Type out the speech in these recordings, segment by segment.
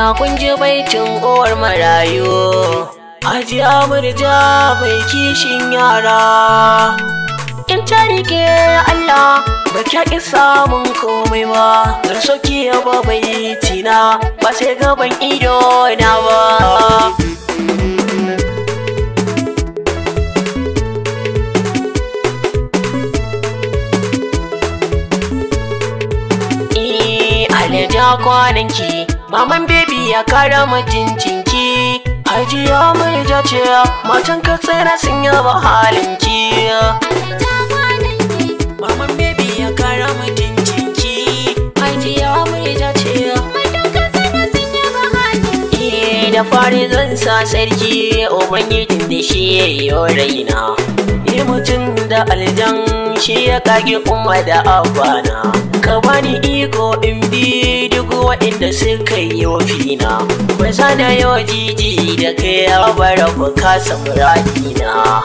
sanya kun je baitin uwar marayu ajiya amurja mai kishin yara in ta rike Allah ba ki ki samun komai ba zar soki ya ba tina. ba sai gaban ido na ba eh, Alja kwananki Maman baby ya kara mutuncinki Hajiya mai jace matan ka tsere sun halin ki. Maman baby ya kara mutuncinki Hajiya mai jace matan ka tsere sun halin halinki eh, Da fari sa sarki ubangijin da shi ya yi raina yi mutum da aljan shi ya kage kuma da abana ka bani iko in bi duk waɗanda suka yi fina ba za na yawa jiji da kai ya bara ba kasa muradina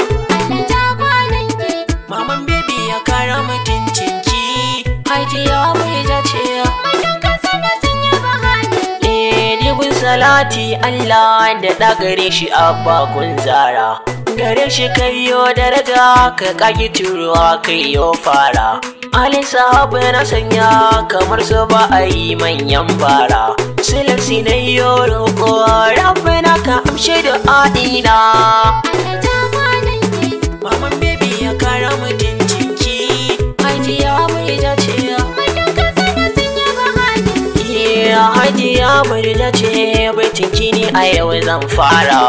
salati Allah da ɗagare shi a bakun zara gare shi kai kayo daraja ka kagi turuwa kai kayo fara alin sahabu na sanya kamar su ba a yi manyan bara silasi na yi roƙo rafi na ka amshe da adina ya murja ce baitin kini a yau zan fara.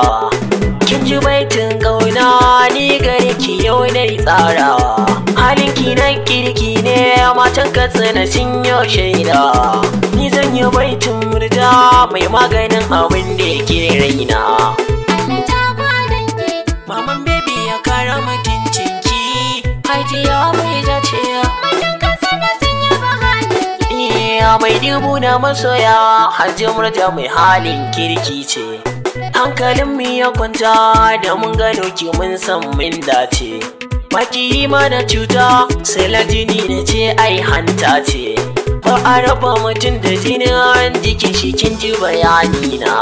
kin ji baitin ƙauna ni gare ki yau na tsarawa halin ki na kirki ne matan katsina sun yau shaida ni zan yi baitin murja mai maganin abin da yake raina Maman baby ya kara mutuncinki hajiya mai dubu na masoya hajji murja mai halin kirki ce hankalin mu ya kwanta da mun gano ki mun san min dace ma mana cuta sai jini na ce ai hanta ce ba a raba mutum da jinin jikin shi kin ji bayani na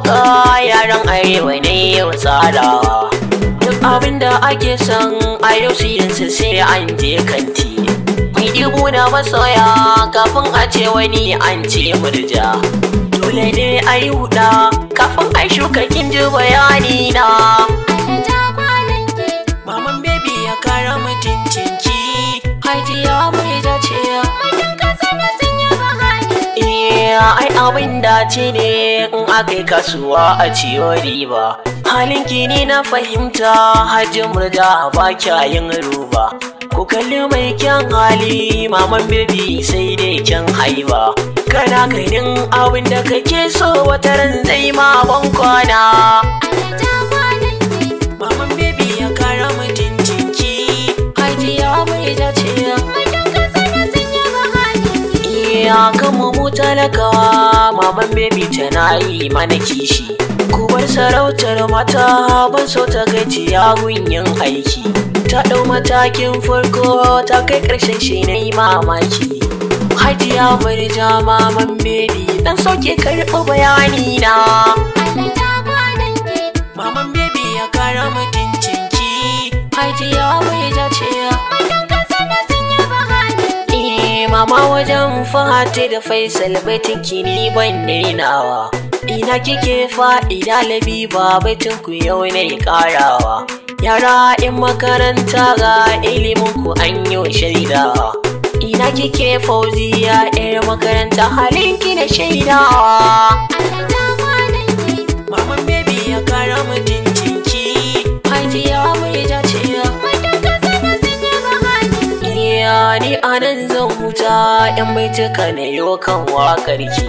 waka yaran arewa ne yau tsarawa duk abinda ake son a yau shirinsu sai an je kanti mai ɗibu na masoya kafin a ce wani an ce murja dole ne a yi huda kafin a shuka kin ji bayani na Maman baby ya kara mutuncinki hajiya murja ce eh, ai abin dace ne akai kasuwa a ciyo riba halin kini na fahimta hajji murda ba kyayin ruba ku kalli mai kyan hali maman bebi sai dai kyan haiba kana kainin abin da kake so ran zai ma ban kwana ya kama mu talakawa maman baby tana yi mana kishi kubar sarautar mata ban so ta gaji ya gunyin aiki ta ɗau matakin farko ta kai ƙarshen shi na yi mamaki hajiya bari ja maman baby dan soke karɓi bayani na wajen fahati da faisal bai kini ni ban nawa. ina kike fa'ida labi ba baitin ku yau ne karawa yara in makaranta ga ilimin ku an yi shaidawa ina kike fauziya 'yar makaranta halin ki da shaidawa 'yan baituka na yo kan ki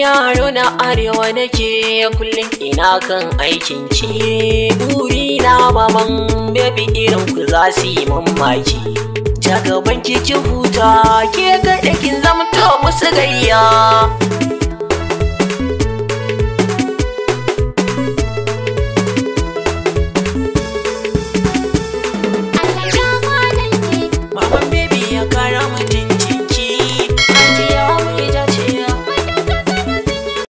yaro na arewa nake kullum ina kan aikin ki buri na baban bebe irin ku za su yi mamaki ta gaban ki huta ke ga kin to musu gayya